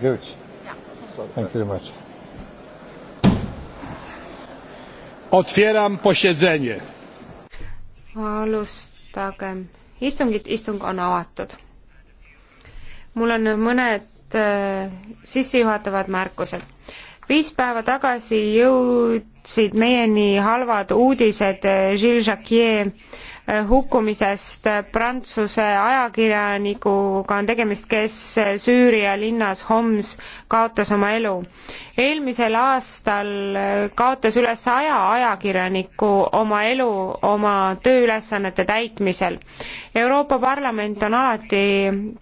Good. Thank you very much. Otwieram posiedzenie. Alustagem istungit, istung on avatud. mul on mõned äh, sissejuhatavad märkused. viis päeva tagasi jõudsid meieni halvad uudised äh, Gilles Jacquier Äh, hukkumisest Prantsuse ajakirjanikuga on tegemist, kes Süüria linnas Homs kaotas oma elu. eelmisel aastal kaotas üle saja ajakirjaniku oma elu oma tööülesannete täitmisel. Euroopa Parlament on alati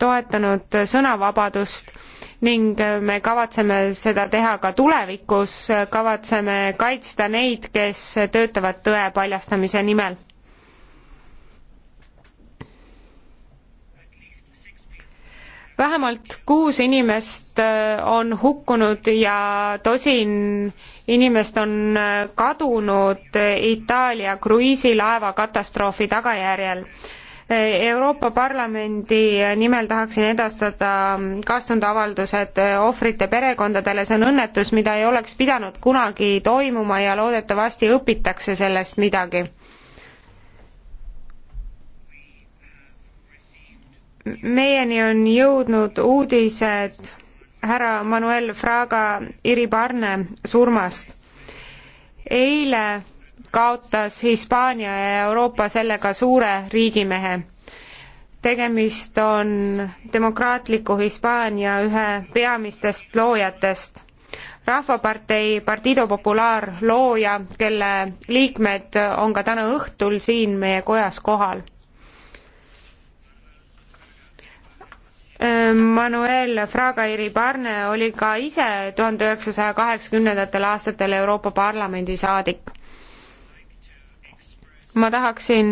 toetanud sõnavabadust ning me kavatseme seda teha ka tulevikus, kavatseme kaitsta neid, kes töötavad tõe paljastamise nimel. vähemalt kuus inimest äh, on hukkunud ja tosin inimest on äh, kadunud äh, Itaalia kruiisilaeva katastroofi tagajärjel. Euroopa Parlamendi nimel tahaksin edastada mm, kaastundeavaldused ohvrite perekondadele, see on õnnetus, mida ei oleks pidanud kunagi toimuma ja loodetavasti õpitakse sellest midagi meieni on jõudnud uudised härra Manuel Fraga Iribarne surmast. eile kaotas Hispaania ja Euroopa sellega suure riigimehe. tegemist on demokraatliku Hispaania ühe peamistest loojatest. rahvapartei Partido Popular looja, kelle liikmed on ka täna õhtul siin meie kojas kohal Manuel Fraga Iribarne oli ka ise tuhande üheksasaja kaheksakümnendatel aastatel Euroopa Parlamendi saadik. ma tahaksin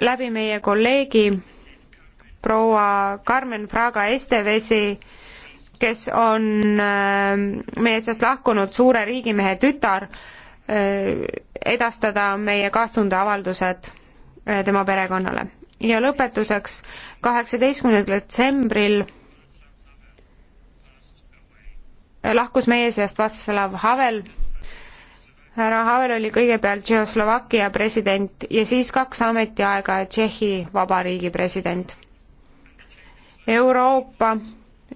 läbi meie kolleegi proua Carmen Fraga Estevesi, kes on äh, meie seast lahkunud suure riigimehe tütar, äh, edastada meie kaastundeavaldused äh, tema perekonnale ja lõpetuseks, kaheksateistkümnendal detsembril lahkus meie seast Václav Havel. härra Havel oli kõigepealt Tšehhoslovakkia president ja siis kaks ametiaega Tšehhi Vabariigi president. Euroopa,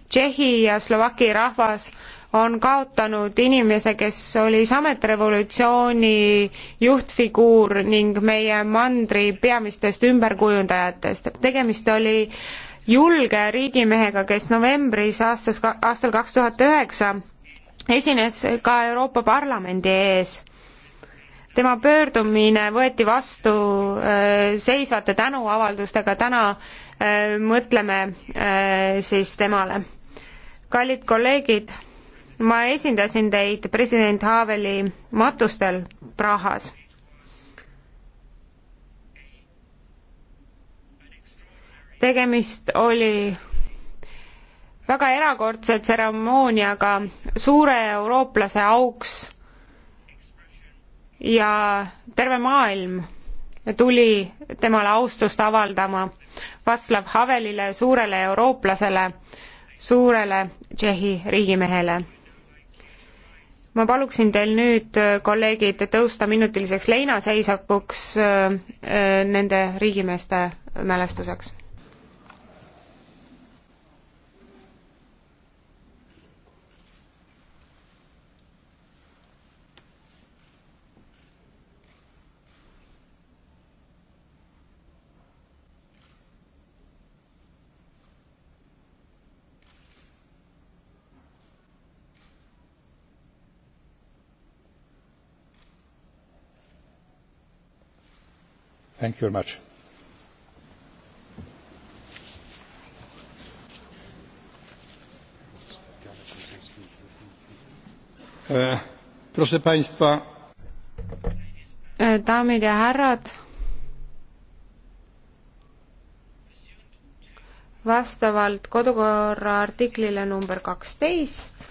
Tšehhi ja Slovaki rahvas on kaotanud inimese, kes oli sametrevolutsiooni juhtfiguur ning meie mandri peamistest ümberkujundajatest. tegemist oli julge riigimehega, kes novembris aastas, aastal kaks tuhat üheksa esines ka Euroopa Parlamendi ees. tema pöördumine võeti vastu seisvate tänuavaldustega, täna mõtleme siis temale. kallid kolleegid ma esindasin teid president Haveli matustel Prahas. tegemist oli väga erakordse tseremooniaga suure eurooplase auks ja terve maailm tuli temale austust avaldama Václav Havelile, suurele eurooplasele, suurele Tšehhi riigimehele ma paluksin teil nüüd, äh, kolleegid, tõusta minutiliseks leinaseisakuks äh, äh, nende riigimeeste mälestuseks. Thank you very much. E, proszę państwa e, daamid ja härrad vastavalt kodukorra artiklile number kaksteist